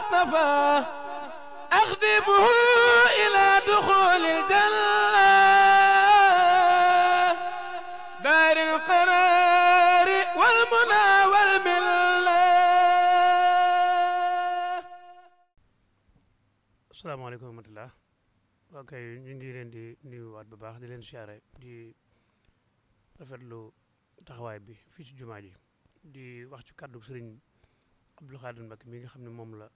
المصطفى أخدمه إلى دخول الجنة دار القرار والمنى والملة السلام عليكم ورحمة الله leen di nuyuwaat bu baax di leen siyaare di rafetlu taxawaay bi fii ci jumaa ji di wax ci kàddu sëriñ Abdou Khadre Mbacké mi nga xam ne moom la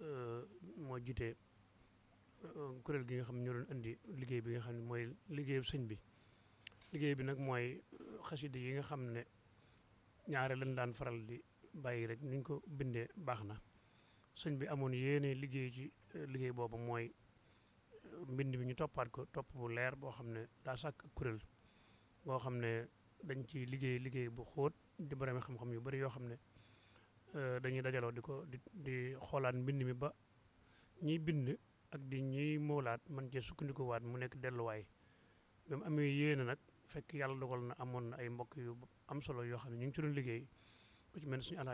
Euh, moo jiite euh, kuréel gi nga xam ne ñoo doon indi liggéey bi nga xam ne mooy liggéeyu sëñ bi liggéey bi nag mooy euh, xasida yi nga xam ne ñaare lañ daan faral di bàyyi rek nuñ ko bindee baax na sëñ bi amoon yéene liggéey liggéey boobu mooy mbind bi ñu toppaat ko topp bu leer boo xam ne daa sàkk kuréel boo xam ne dañ ci liggéey liggéey bu xóot di borom xam-xam yu bari yoo xam ne Euh, dañuy dajaloo di ko di di xoolaat mbind mi ba ñiy bind ak di ñiy moolaat man cee sukkandikuwaat mu nekk delluwaay ba mu amee nag fekk yàlla dogal na amoon na ay mbokk yu am solo yoo xam ne ñu ngi ci doon liggéey ku ci mel ne suñu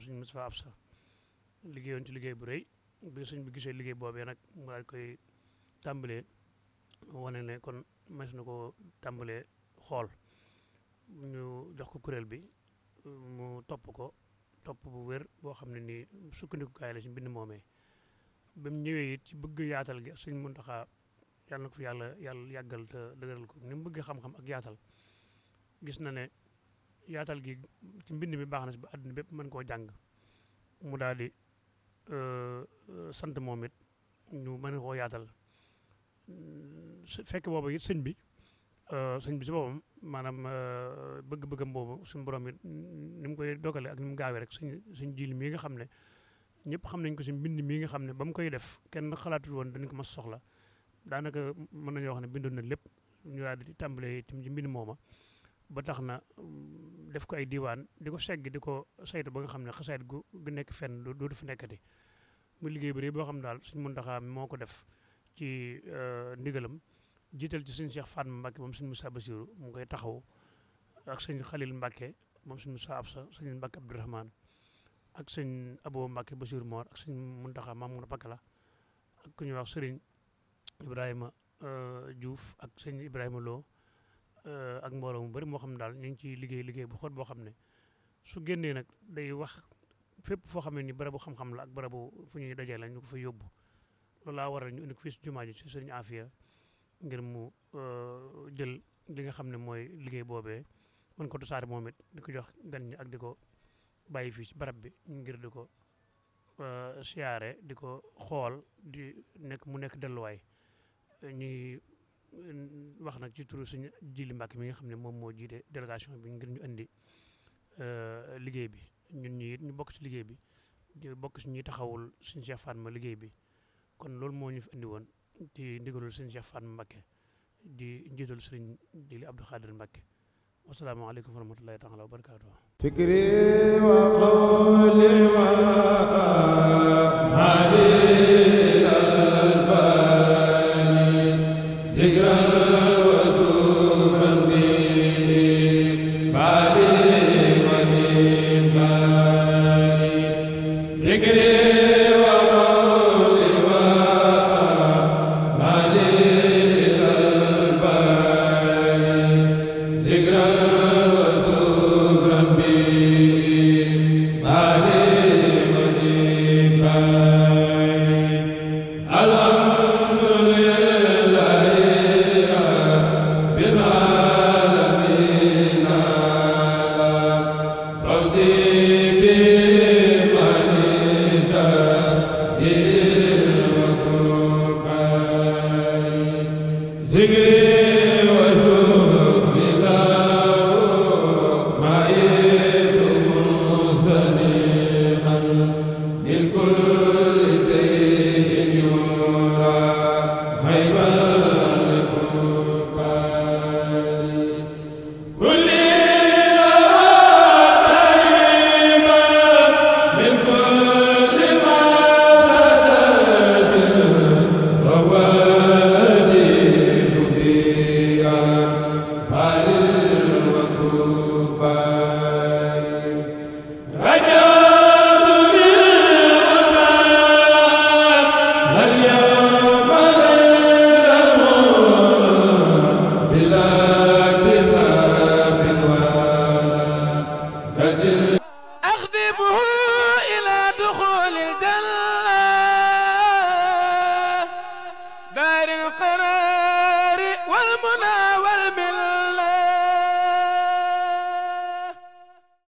suñu Mustafaa Absa liggéeyoon ci liggéey bu rëy bi suñ bi gisee liggéey boobee nag mu daal koy tàmbalee wane ne kon mas na ko tàmbalee xool ñu jox ko kuréel bi mu topp ko topp bu wér boo xam ne nii sukkandikukaay la ci mbind moomee ba ñëwee it ci bëgg yaatal gi Sëriñ Muntaxa yàlla na ko fi yàlla yàlla yàggal te dëgëral ko ni bëgg xam-xam ak yaatal gis na ne yaatal gi ci mbind mi baax na si ba àdduna bépp mën koo jàng mu daal di euh, euh, sant moom it ñu mën koo yaatal fekke boobu it sëñ bi Euh, suñ bi si boppam maanaam euh, bëgg-bëggam boobu suñu borom it ni koy dogale ak ni gaawee rek suñu suñu jiil mii nga xam ne ñëpp xam nañ ko si mbind mii nga xam ne ba mu koy def kenn xalaatul woon dañ ko mas soxla daanaka mën nañoo xam ne bindoon na lépp ñu di tàmbalee itam ci mbind mooma ba tax na mm, def ko ay diwaan di ko segg di ko saytu ba nga xam ne xasaayit gu gu nekk fenn du fi nekkati mu liggéey bi rek boo xam daal suñu Muntaxa moo ko def ci euh, ndigalam jiital ci suñu Cheikh Fatma Mbacke moom suñu Moussa Bassirou mu koy taxaw ak suñu Khalil Mbacke moom suñu Moussa Absa suñu Mbacke Abdourahmane ak suñu Abou Mbacke Bassirou Mor ak suñu Mountakha Mamour Bakala ak ku ñuy wax Serigne Ibrahima euh, Diouf ak sëñ Ibrahima loo euh, ak mbooloo mu bëri moo xam ne daal ñu ngi ciy liggéey liggéey bu xoot boo xam ne su génnee nag day wax fépp foo xam ne ni barabu xam-xam la ak barabu fu ñuy dajee la ñu ko fa yóbbu loolu laa waral ñu indi ko fii ngir mu euh, jël li nga xam ne mooy liggéey boobee mën ko tusaare moom it di ko jox gan ñi ak di ko bàyyi fii ci barab bi ngir di ko euh, siyaare di ko xool di nekk mu nekk delluwaay ñuy wax nag ci turu suñu jili mbàkk mi nga xam ne moom moo jiite délégation bi ngir ñu indi euh, liggéey bi ñun ñu it ñu bokk ci liggéey bi ñu bokk ci ñuy taxawul suñu Cheikh ma liggéey bi kon loolu moo ñu fi indi woon di ndigalul sëriñ Cheikh Fatma Mbakke di njiital sëriñ Dili Abdou Khadir Mbakke wasalaamu aleykum wa rahmatullahi taala wa barakaatu fikri wa qawli wa hadi Take it in.